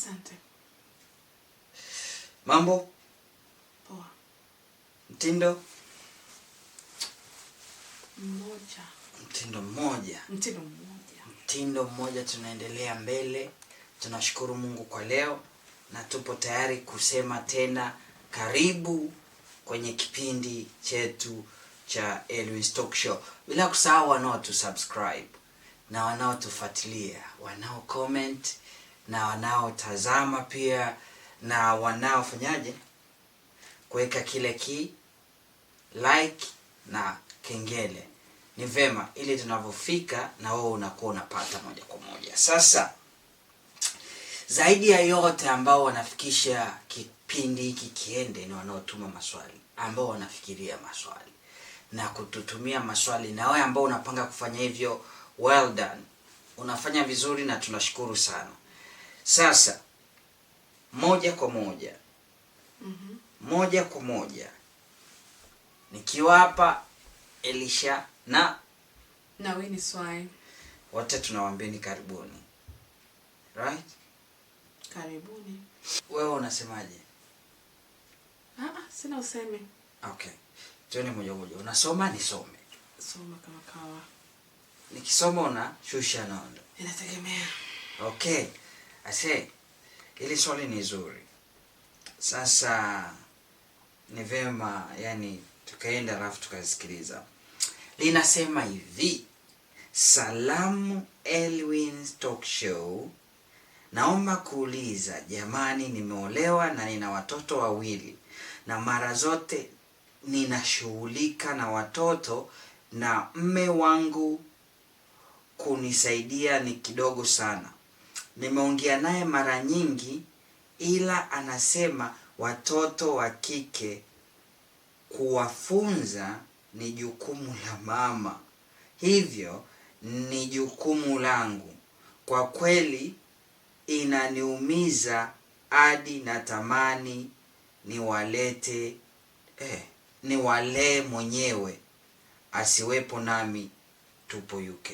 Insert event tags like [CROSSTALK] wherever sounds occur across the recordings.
Asante. Mambo poa. Mtindo mmoja, mtindo mmoja, mtindo mmoja, mtindo mmoja. Tunaendelea mbele. Tunashukuru Mungu kwa leo, na tupo tayari kusema tena, karibu kwenye kipindi chetu cha Elwin Stock Show, bila kusahau wanaotusubscribe na wanaotufuatilia, wanao comment na wanaotazama pia na wanaofanyaje kuweka kile ki like na kengele. Ni vema ili tunavyofika na wewe unakuwa unapata moja kwa moja. Sasa zaidi ya yote, ambao wanafikisha kipindi hiki kiende ni wanaotuma maswali, ambao wanafikiria maswali na kututumia maswali. Na wewe ambao unapanga kufanya hivyo, well done, unafanya vizuri na tunashukuru sana. Sasa moja kwa moja mm -hmm. moja kwa moja nikiwapa Elisha na na Winnie Swai wote tunawaambieni karibuni, right? Karibuni. Wewe unasemaje? Ah, ah sina useme. Okay, tuende moja moja. Unasoma? Nisome? Soma kama kawa. Nikisoma shusha nondo? Inategemea. Okay. Ase, hili swali ni zuri. Sasa ni vema yani tukaenda alafu tukasikiliza. Linasema hivi: Salamu Elwin Talk Show, naomba kuuliza jamani, nimeolewa na nina watoto wawili, na mara zote ninashughulika na watoto na mme wangu kunisaidia ni kidogo sana nimeongea naye mara nyingi, ila anasema watoto wa kike kuwafunza ni jukumu la mama, hivyo ni jukumu langu. Kwa kweli inaniumiza hadi natamani niwalete eh, niwalee mwenyewe, asiwepo nami. Tupo UK.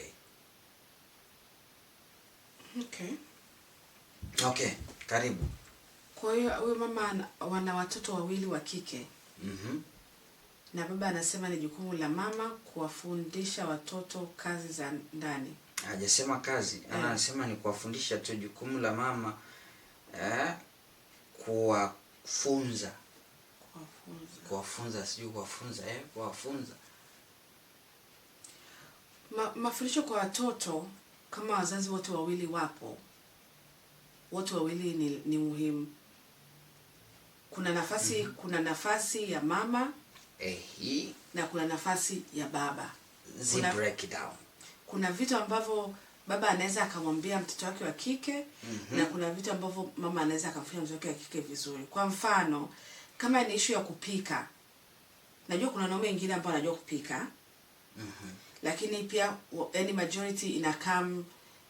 Okay. Okay, karibu. Kwa hiyo huyu mama wana watoto wawili wa kike. mm Na baba anasema ni jukumu la mama kuwafundisha watoto kazi za ndani. Hajasema kazi, eh. anasema Ni kuwafundisha tu, jukumu la mama eh, kuwafunza kuwafunza, sijui kuwafunza eh, kuwafunza Ma, mafundisho kwa watoto kama wazazi wote wawili wapo wote wawili ni, ni muhimu. Kuna nafasi mm. hmm kuna nafasi ya mama Ehi. Eh, na kuna nafasi ya baba. Kuna, break it down. Kuna vitu ambavyo baba anaweza akamwambia mtoto wake wa kike mm -hmm. na kuna vitu ambavyo mama anaweza akamfanya mtoto wake wa kike vizuri. Kwa mfano kama ni ishu ya kupika, najua kuna wanaume wengine ambao wanajua kupika mm -hmm. lakini pia any majority ina come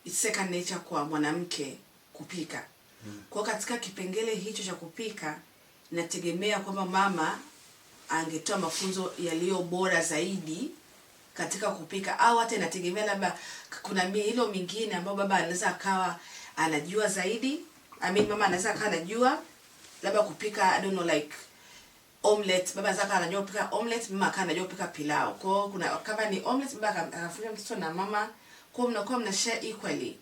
it's second nature kwa mwanamke kupika. Kwa katika kipengele hicho cha kupika, nategemea kwamba mama angetoa mafunzo yaliyo bora zaidi katika kupika, au hata inategemea labda kuna milo mingine ambayo baba anaweza akawa anajua zaidi. I mean, mama anaweza akawa anajua labda kupika I don't know like omelet, baba anaweza akawa anajua kupika omelet, mama akawa anajua kupika pilau. Kwa kuna kama ni omelet, baba akafunza mtoto na mama, kwa mnakuwa mna share equally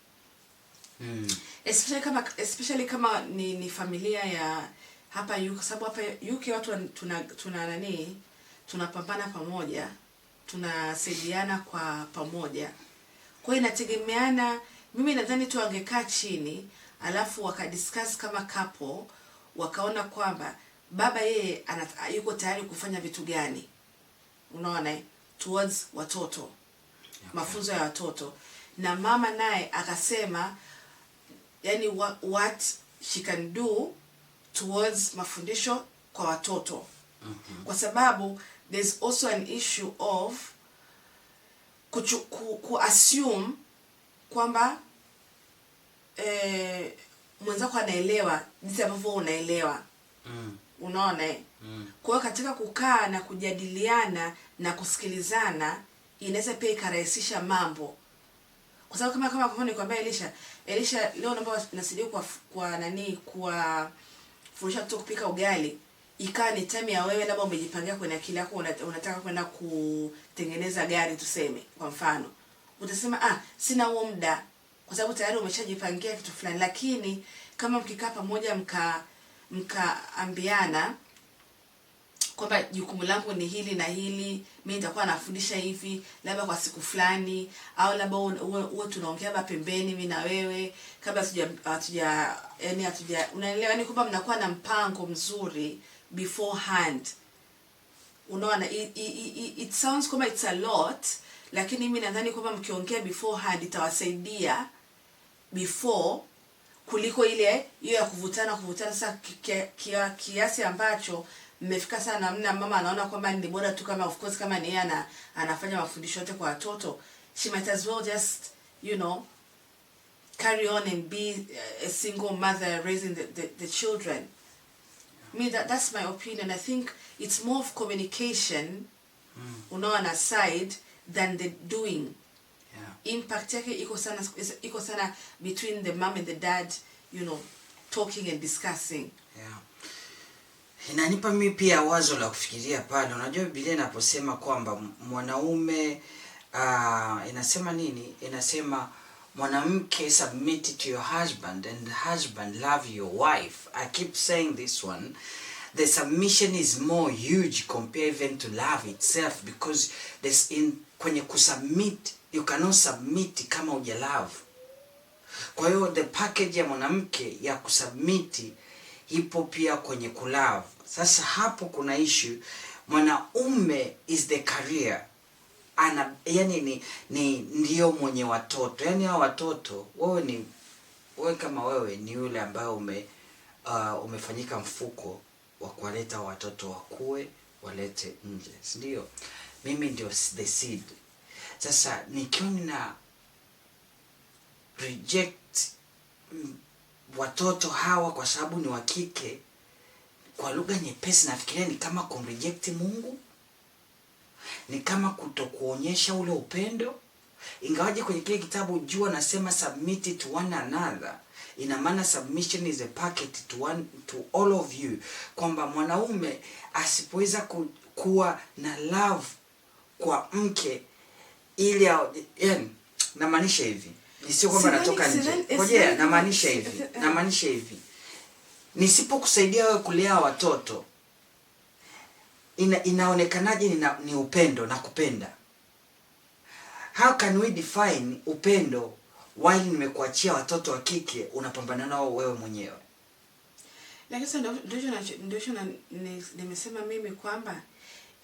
mm. especially kama especially kama ni, ni familia ya hapa UK, sababu hapa UK watu tuna, tuna nani tunapambana pamoja, tunasaidiana kwa pamoja, kwa hiyo inategemeana. Mimi nadhani tu wangekaa chini alafu wakadiscuss kama couple, wakaona kwamba baba yeye yuko tayari kufanya vitu gani, unaona towards watoto okay. mafunzo ya watoto na mama naye akasema yani wa, what she can do towards mafundisho kwa watoto mm -hmm. Kwa sababu there's also an issue of kuchu, ku, ku assume kwamba eh, mwenzako anaelewa jinsi ambavyo unaelewa mm. Unaona mm. Kwa hiyo katika kukaa na kujadiliana na kusikilizana inaweza pia ikarahisisha mambo kwa sababu kama kama kwa nikwambia Elisha, Elisha leo naomba nasaidia kwa kwa nani kwa fundisha tu kupika ugali, ikawa ni time ya wewe labda umejipangia kwenye akili yako unataka kwenda kutengeneza gari tuseme kwa mfano, utasema ah, sina huo muda, kwa sababu tayari umeshajipangia kitu fulani. Lakini kama mkikaa pamoja mka mkaambiana kwamba jukumu langu ni hili na hili, mimi nitakuwa nafundisha hivi labda kwa siku fulani, au labda huo tunaongea hapa pembeni, mimi na wewe, kabla hatuja hatuja, yani hatuja, unaelewa, yani kwamba mnakuwa na mpango mzuri beforehand. Unaona, it, it, it sounds kama it's a lot, lakini mimi nadhani kwamba mkiongea beforehand itawasaidia before kuliko ile hiyo ya kuvutana kuvutana, sasa kiasi ambacho mmefika sana namna mama anaona kwamba ni bora tu kama of course kama ni yeye ana, anafanya mafundisho yote kwa watoto she might as well just you know carry on and be a single mother raising the, the, the children I mean that, that's my opinion I think it's more of communication mm. unaona side than the doing yeah. impact yake iko sana iko sana between the mom and the dad you know talking and discussing yeah inanipa mimi pia wazo la kufikiria pale. Unajua Biblia inaposema kwamba mwanaume uh, inasema nini? Inasema mwanamke submit to your husband and husband love your wife. I keep saying this one the submission is more huge compared even to love itself because this in kwenye kusubmit you cannot submit kama uja love. Kwa hiyo the package ya mwanamke ya kusubmiti ipo pia kwenye kulove. Sasa hapo kuna ishu Mwanaume is the career ana, yani ni, ni ndio mwenye watoto yani hao watoto wewe ni wewe kama wewe ni yule ambaye ume, uh, umefanyika mfuko wa kuwaleta watoto wakue walete nje, sindio Mimi ndio the seed. Sasa nikiwa nina reject mm, watoto hawa kwa sababu ni wa kike kwa lugha nyepesi nafikiria ni kama kumreject Mungu, ni kama kutokuonyesha ule upendo. Ingawaje kwenye kile kitabu juu anasema submit to one another, ina maana submission is a packet to one, to all of you, kwamba mwanaume asipoweza ku, kuwa na love kwa mke ili yani, namaanisha hivi, nisio kwamba natoka nje, eh, ngojea, eh, eh. namaanisha hivi, namaanisha hivi nisipokusaidia wewe kulea watoto ina, inaonekanaje ni, ni upendo na kupenda? How can we define upendo while nimekuachia watoto wa kike unapambana nao wewe mwenyewe? Lakini ndicho nimesema mimi kwamba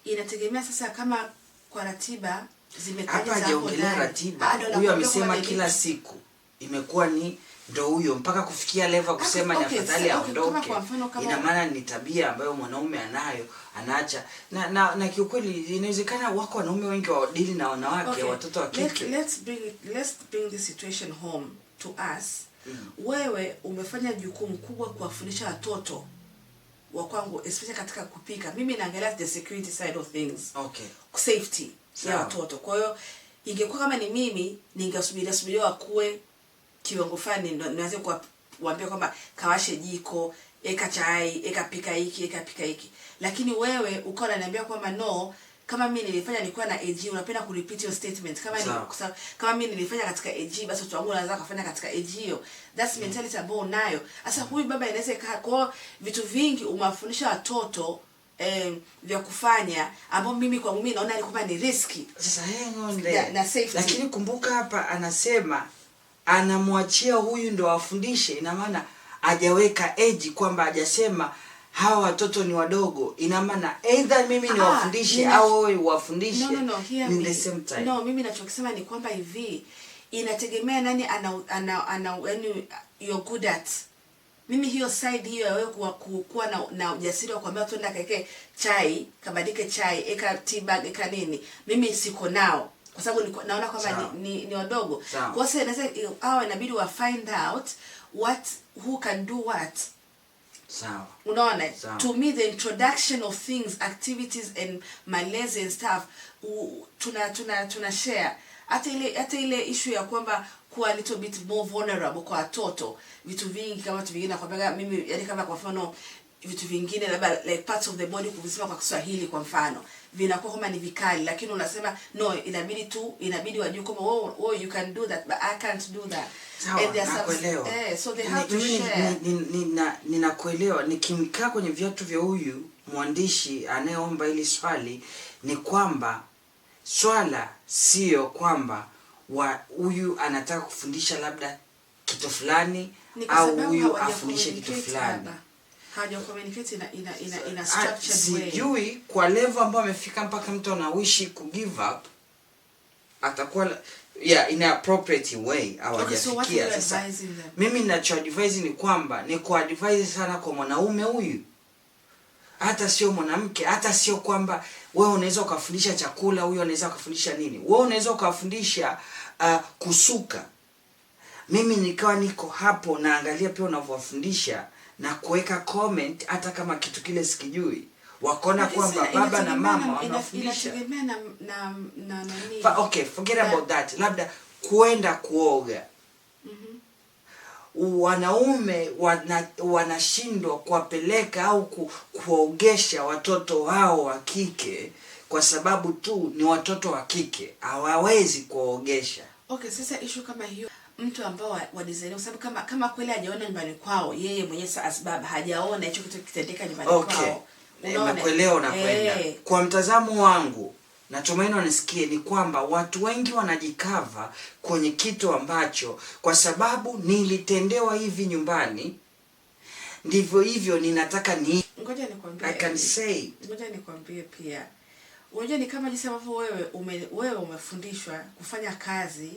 inategemea sasa kama kwa ratiba zimekaja. Hapa hajaongelea ratiba, ah, huyo amesema kila siku imekuwa ni ndo huyo mpaka kufikia leva kusema okay, ni afadhali aondoke. Okay, ina maana ni tabia ambayo mwanaume anayo anaacha na, na, na kiukweli inawezekana wako wanaume wengi wawadili na wanawake okay. watoto wa kike. Let, let's bring, let's bring the situation home to us mm. Wewe umefanya jukumu kubwa kuwafundisha watoto wa kwangu especially katika kupika. Mimi naangalia the security side of things okay, safety ya watoto. Kwa hiyo ingekuwa kama ni mimi ningesubiria subiria wakue kiwango fulani naweza kuwaambia kwamba kawashe jiko, eka chai, eka pika hiki, eka pika hiki, lakini wewe ukawa unaniambia kwamba no kama mimi nilifanya nilikuwa na AG, unapenda kurepeat your statement. Kama ni kusa, kama mimi nilifanya katika AG, basi watu wangu wanaweza kufanya katika AG hiyo. That's mm. mentality ambayo unayo sasa. Huyu baba inaweza ikaa kwa vitu vingi, umafundisha watoto eh, vya kufanya ambao mimi kwa mimi naona alikuwa ni risky Sasa hang on there na, na safety, lakini kumbuka hapa anasema anamwachia huyu ndo afundishe. Ina maana ajaweka eji kwamba ajasema hawa watoto ni wadogo, ina maana either mimi niwafundishe ah, au wewe uwafundishe. No, no, no, in the same time. No, mimi nachokisema ni kwamba hivi inategemea nani ana, ana, ana, yani you're good at mimi hiyo side hiyo ya wewe kuwa, kuwa na, na ujasiri wa kuambia tuenda kaeke chai kabadike chai eka tea bag eka nini, mimi siko nao kwa sababu naona kwamba ni, ni, ni wadogo. Kwa sababu inaweza hawa inabidi wa find out what who can do what. Sawa. Unaona? To me the introduction of things, activities and malezi and stuff u, tuna tuna tuna share. Hata ile hata ile issue ya kwamba kuwa a little bit more vulnerable kwa watoto, vitu vingi kama tu vingine kwa mimi, yani kama kwa mfano vitu vingine labda like parts of the body kuvisema kwa Kiswahili kwa mfano vinakuwa kama ni vikali, lakini unasema no, inabidi tu inabidi wajue kama wewe oh, oh, you can do that but I can't do that Sawa, and there are eh, so they have ni, to share. Ninakuelewa, ni, ni, ni, ni nikimkaa kwenye viatu vya huyu mwandishi anayeomba hili swali ni kwamba swala sio kwamba wa huyu anataka kufundisha labda kitu fulani au huyu afundishe kitu fulani Ah, sijui kwa levo ambayo amefika mpaka mtu anawishi ku give up atakuwa yeah in appropriate way au okay, so Mimi ninacho advise ni kwamba ni ku advise sana kwa mwanaume huyu hata sio mwanamke, hata sio kwamba wewe unaweza ukafundisha chakula, huyo anaweza ukafundisha nini, wewe unaweza ukafundisha uh, kusuka. Mimi nikawa niko hapo naangalia pia unavyowafundisha na kuweka comment hata kama kitu kile sikijui wakona kwamba baba na mama wanafundisha okay forget about that labda kwenda kuoga mm -hmm. wanaume wana, wanashindwa kuwapeleka au ku, kuwaogesha watoto wao wa kike kwa sababu tu ni watoto wa kike hawawezi kuwaogesha okay, sasa ishu kama hiyo mtu ambao wadizaini kwa sababu kama kama kweli hajaona nyumbani kwao, yeye mwenyewe sababu hajaona hicho kitu kitendeka nyumbani kwao. okay. kwao na kwenda. Hey. Kwa mtazamo wangu natumaini unisikie ni kwamba watu wengi wanajikava kwenye kitu ambacho kwa sababu nilitendewa hivi nyumbani, ndivyo hivyo ninataka ni ngoja nikwambie, I can say ngoja nikwambie pia, unajua ni kama jinsi ambavyo wewe ume, wewe umefundishwa kufanya kazi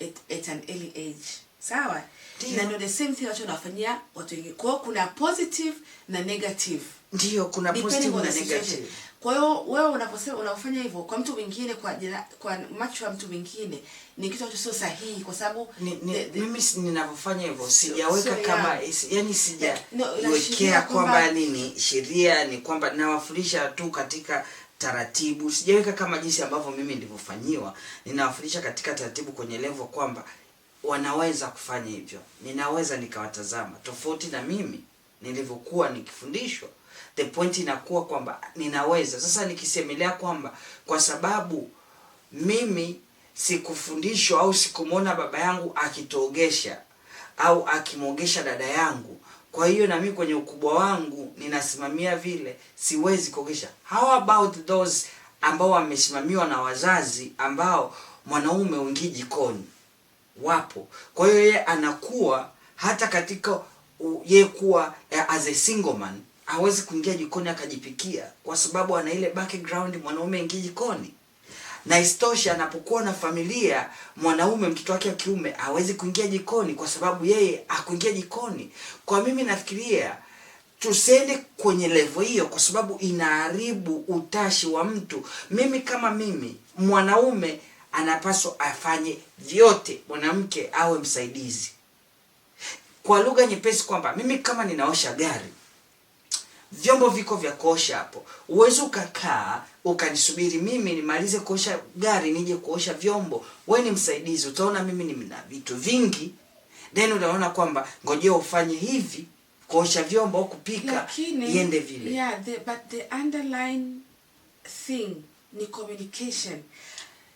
at, at an early age sawa Dio. na ndio the same thing watu wanafanyia watu wengi kwao kuna positive na negative ndio kuna positive na negative kwa hiyo wewe unaposema unafanya hivyo kwa mtu mwingine kwa jina, kwa macho ya mtu mwingine ni kitu ambacho sio sahihi kwa sababu ni, ni, mimi ninavyofanya hivyo sijaweka so, kama ya, yani sijawekea no, kwamba nini sheria ni kwamba nawafundisha tu katika taratibu, sijaweka kama jinsi ambavyo mimi nilivyofanyiwa. Ninawafundisha katika taratibu kwenye level kwamba wanaweza kufanya hivyo, ninaweza nikawatazama tofauti na mimi nilivyokuwa nikifundishwa. The point inakuwa kwamba ninaweza sasa, nikisemelea kwamba kwa sababu mimi sikufundishwa au sikumwona baba yangu akitogesha au akimwogesha dada yangu kwa hiyo na mimi kwenye ukubwa wangu ninasimamia vile, siwezi kuogesha. How about those ambao wamesimamiwa na wazazi ambao mwanaume uingii jikoni? Wapo. Kwa hiyo yeye anakuwa hata katika yeye kuwa eh, as a single man hawezi kuingia jikoni akajipikia, kwa sababu ana ile background mwanaume ingi jikoni na istoshi anapokuwa na familia, mwanaume mtoto wake wa kiume hawezi kuingia jikoni kwa sababu yeye hakuingia jikoni. Kwa mimi nafikiria tusiende kwenye levo hiyo, kwa sababu inaharibu utashi wa mtu. Mimi kama mimi, mwanaume anapaswa afanye vyote mwanamke awe msaidizi. Kwa lugha nyepesi, kwamba mimi kama ninaosha gari vyombo viko vya kuosha hapo. Uwezi ukakaa ukanisubiri mimi nimalize kuosha gari nije kuosha vyombo. We ni msaidizi, utaona mimi nina vitu vingi, then utaona kwamba ngojea ufanye hivi, kuosha vyombo au kupika iende vile. Yeah, the, but the underlying thing ni communication.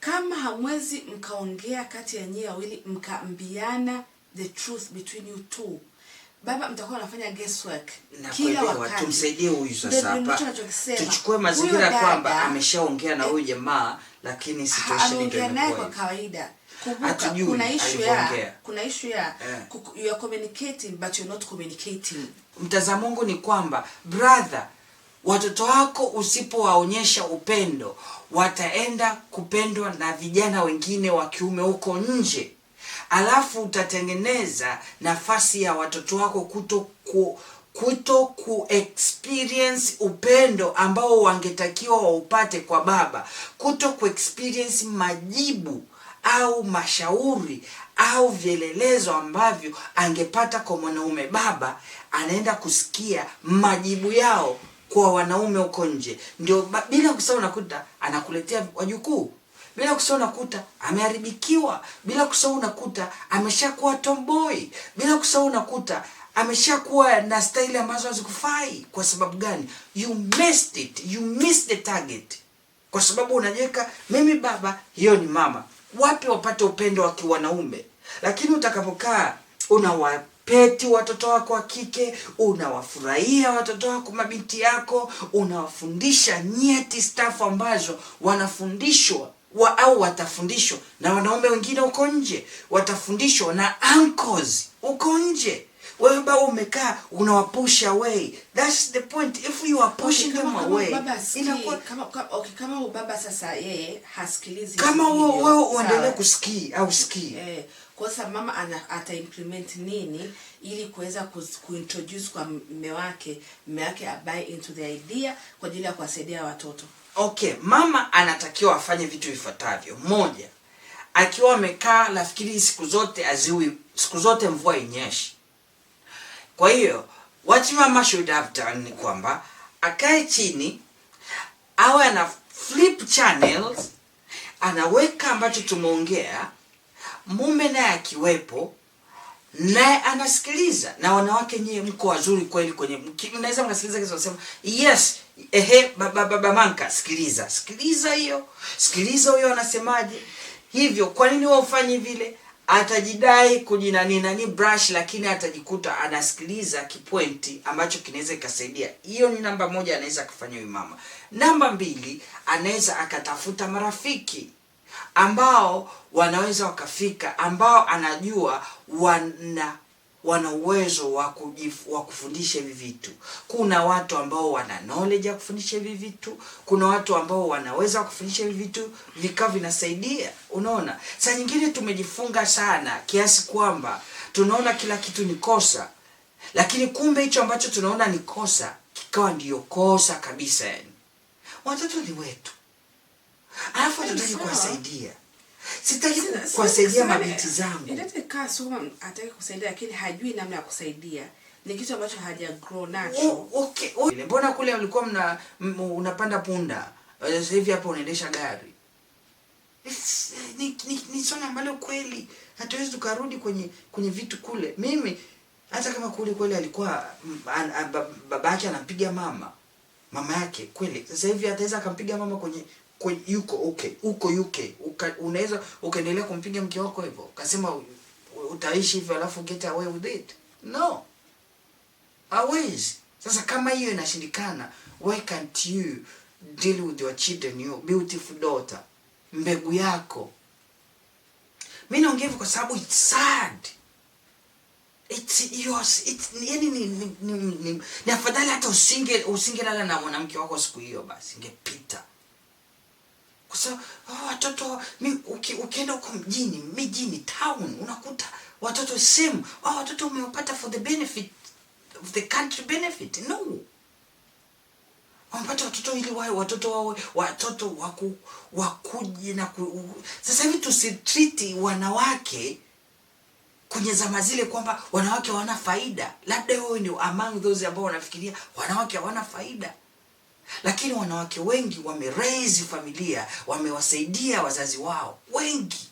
Kama hamwezi mkaongea kati ya nyinyi wawili mkaambiana the truth between you two baba, mtakuwa nafanya guesswork kila wakati. huyu sasa hapa, tuchukue mazingira kwamba ameshaongea na huyu jamaa, lakini situation ndio kwa kawaida. kuna ya kuna ya eh. you are communicating but not communicating. Mtazamo wangu ni kwamba brother, watoto wako usipowaonyesha upendo wataenda kupendwa na vijana wengine wa kiume huko nje alafu utatengeneza nafasi ya watoto wako kuto ku, kuto ku experience upendo ambao wangetakiwa waupate kwa baba, kuto ku experience majibu au mashauri au vielelezo ambavyo angepata kwa mwanaume. Baba anaenda kusikia majibu yao kwa wanaume huko nje, ndio bila kusahau, unakuta anakuletea wajukuu bila kusahau unakuta ameharibikiwa, bila kusahau unakuta ameshakuwa tomboy, bila kusahau unakuta ameshakuwa na staili ambazo hazikufai. Kwa sababu gani? You missed it, you missed the target, kwa sababu unajeka mimi baba, hiyo ni mama. Wapi wapate upendo wa kiwanaume? Lakini utakapokaa unawapeti watoto wako wa kike, unawafurahia watoto wako mabinti yako, unawafundisha nyeti stafu ambazo wanafundishwa wa, au watafundishwa na wanaume wengine huko nje, watafundishwa na uncles huko nje. Wewe baba umekaa unawapush away, that's the point. If you are pushing okay, them away, kama kama baba sasa yeye hasikilizi, kama wewe uendelee kusikii au sikii eh kwa sababu mama ana, ata implement nini ili kuweza kuintroduce kwa mume wake mume wake abuy into the idea kwa ajili ya kuwasaidia watoto. Okay, mama anatakiwa afanye vitu vifuatavyo. Moja, akiwa amekaa nafikiri siku zote aziwi, siku zote mvua inyeshi. Kwa hiyo what mama should have done ni kwamba akae chini, awe ana flip channels, anaweka ambacho tumeongea, mume naye akiwepo naye anasikiliza. Na wanawake nyie mko wazuri kweli, kwenye mnaweza mnasikiliza kitu nasema yes, ehe, baba manka, sikiliza sikiliza hiyo, sikiliza huyo anasemaje. Hivyo kwa nini wewe ufanye vile? Atajidai kujinani nani brush, lakini atajikuta anasikiliza kipointi ambacho kinaweza ikasaidia. Hiyo ni namba moja, anaweza akafanya huyu mama. Namba mbili, anaweza akatafuta marafiki ambao wanaweza wakafika, ambao anajua wana wana uwezo wa kufundisha hivi vitu. Kuna watu ambao wana knowledge ya kufundisha hivi vitu, kuna watu ambao wanaweza kufundisha hivi vitu vikawa vinasaidia. Unaona, saa nyingine tumejifunga sana kiasi kwamba tunaona kila kitu ni kosa, lakini kumbe hicho ambacho tunaona ni kosa kikawa ndiyo kosa kabisa. Yani watoto ni wetu alafu hatutaki kuwasaidia. Sitaki kuwasaidia mabinti zangu. Ilete kaa soma ataki kusaidia, lakini hajui namna ya kusaidia ni kitu ambacho haja grow nacho. Okay, Mbona kule ulikuwa mna unapanda punda, eh, sasa hivi hapo unaendesha gari? ni, ni, ni swala ambalo kweli hatuwezi tukarudi kwenye kwenye vitu kule. Mimi hata kama kule kweli alikuwa babake anampiga mama mama yake kweli, sasa hivi ataweza akampiga mama kwenye yuko okay, uko UK uka, unaweza ukaendelea kumpiga mke wako hivyo ukasema utaishi hivyo alafu get away with it no, hawezi. Sasa kama hiyo inashindikana, why can't you deal with your children, your beautiful daughter, mbegu yako? Mi naongea hivyo kwa sababu it's sad It's yours. It's, yani ni, ni, ni, ni, ni afadhali hata usinge usingelala na mwanamke wako siku hiyo, basi ingepita kwa sababu oh, watoto uki, ukienda huko mjini mijini town unakuta watoto same oh, watoto umewapata for the benefit of the country benefit no wampata watoto ili wae watoto wawe watoto waku, wakuje na ku, sasa hivi tusitriti wanawake kwenye zama zile kwamba wanawake hawana faida. Labda wewe ni among those ambao wanafikiria wanawake hawana faida. Lakini wanawake wengi wamerezi familia, wamewasaidia wazazi wao, wengi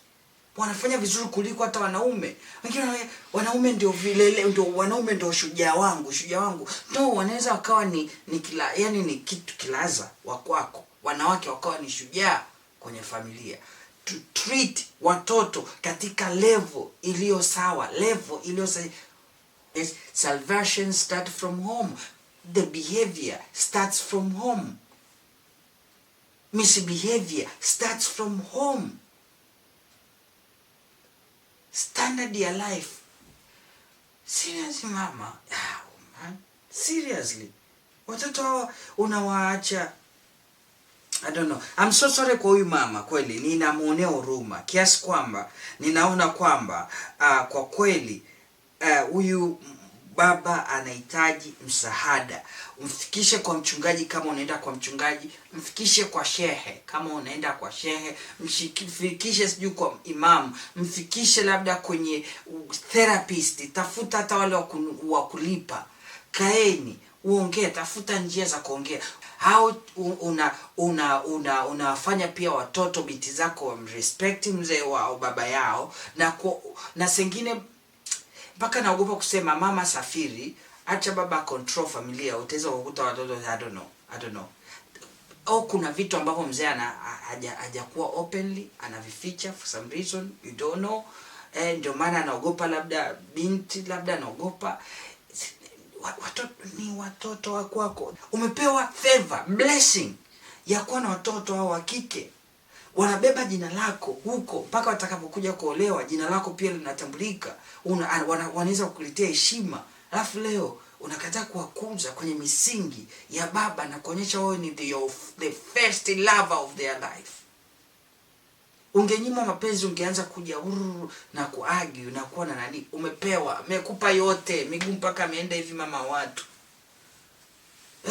wanafanya vizuri kuliko hata wanaume wengine. Wanaume ndio vilele, ndio wanaume ndio shujaa wangu, shujaa wangu. No, wanaweza wakawa ni ni kila, yani ni kitu kilaza wakwako, wanawake wakawa ni shujaa kwenye familia. To treat watoto katika level iliyo sawa, level iliyo sawa. Salvation start from home the behavior starts from home. Misbehavior starts from home. Standard ya life. Seriously mama, oh, man. Seriously, watoto hawa unawaacha I don't know. I'm so sorry kwa huyu mama kweli, ninamwonea huruma kiasi kwamba ninaona kwamba uh, kwa kweli ah, huyu uh, baba anahitaji msaada, mfikishe kwa mchungaji kama unaenda kwa mchungaji, mfikishe kwa shehe kama unaenda kwa shehe, mfikishe sijui kwa imamu, mfikishe labda kwenye therapist, tafuta hata wale wa kulipa. Kaeni uongee, tafuta njia za kuongea au una una una, una pia watoto binti zako wamrespekti mzee wao baba yao na, na sengine mpaka naogopa kusema mama safiri, acha baba control familia. Utaweza kukuta watoto I don't know, I don't know au kuna vitu ambavyo mzee hajakuwa openly anavificha for some reason you don't know eh, ndio maana anaogopa, labda binti, labda anaogopa watoto. Ni watoto wa kwako, umepewa favor blessing ya kuwa na watoto wa kike wanabeba jina lako huko mpaka watakapokuja kuolewa, jina lako pia linatambulika, wanaweza kukuletea heshima, alafu leo unakataa kuwakuza kwenye misingi ya baba na kuonyesha wewe ni the, the first lover of their life. Ungenyima mapenzi, ungeanza kuja ururu na kuagi na na nani, umepewa, amekupa yote, miguu mpaka ameenda hivi mama watu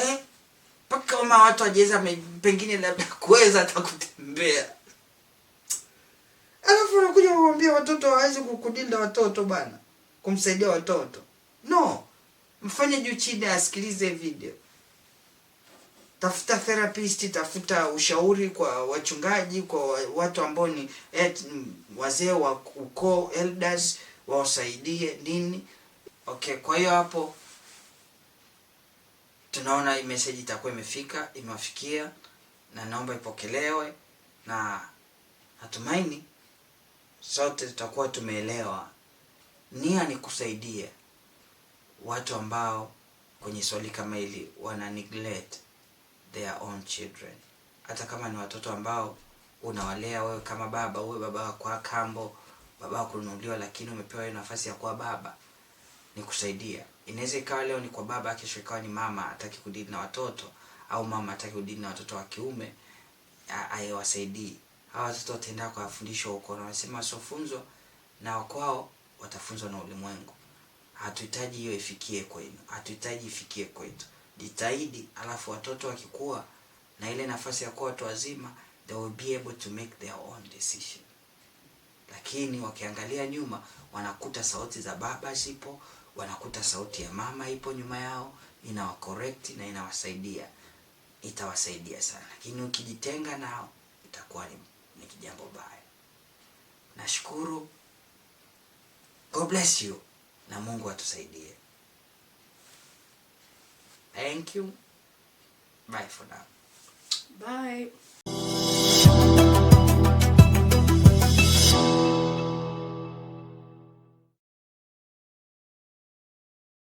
eh? mpaka kama watu wajeza pengine labda [LAUGHS] kuweza hata kutembea, alafu unakuja kuambia watoto hawawezi kukudinda watoto bana, kumsaidia watoto no. Mfanye juu chini, asikilize video, tafuta therapist, tafuta ushauri kwa wachungaji, kwa watu ambao ni eh, wazee wa ukoo, elders, wawasaidie nini. Okay, kwa hiyo hapo tunaona hii message itakuwa imefika, imewafikia na naomba ipokelewe, na natumaini sote tutakuwa tumeelewa nia ni kusaidia watu ambao kwenye swali kama hili wana neglect their own children, hata kama ni watoto ambao unawalea wewe kama baba, uwe baba wa kambo, baba kununuliwa, lakini umepewa nafasi ya kuwa baba, ni kusaidia inaweza ikawa leo ni kwa baba, kesho ikawa ni mama hataki kudili na watoto, au mama hataki kudili na watoto wa kiume ayewasaidii hawa watoto wataenda kawafundishwa huko, na wanasema wasiofunzwa na wakwao watafunzwa na ulimwengu. Hatuhitaji hiyo ifikie kwenu, hatuhitaji ifikie kwetu. Jitahidi, alafu watoto wakikuwa na ile nafasi ya kuwa watu wazima, they will be able to make their own decision. Lakini wakiangalia nyuma, wanakuta sauti za baba zipo, wanakuta sauti ya mama ipo nyuma yao inawacorrect na inawasaidia, itawasaidia sana, lakini ukijitenga nao itakuwa ni, ni kijambo baya. Nashukuru, God bless you, na Mungu atusaidie. Thank you, bye for now, bye.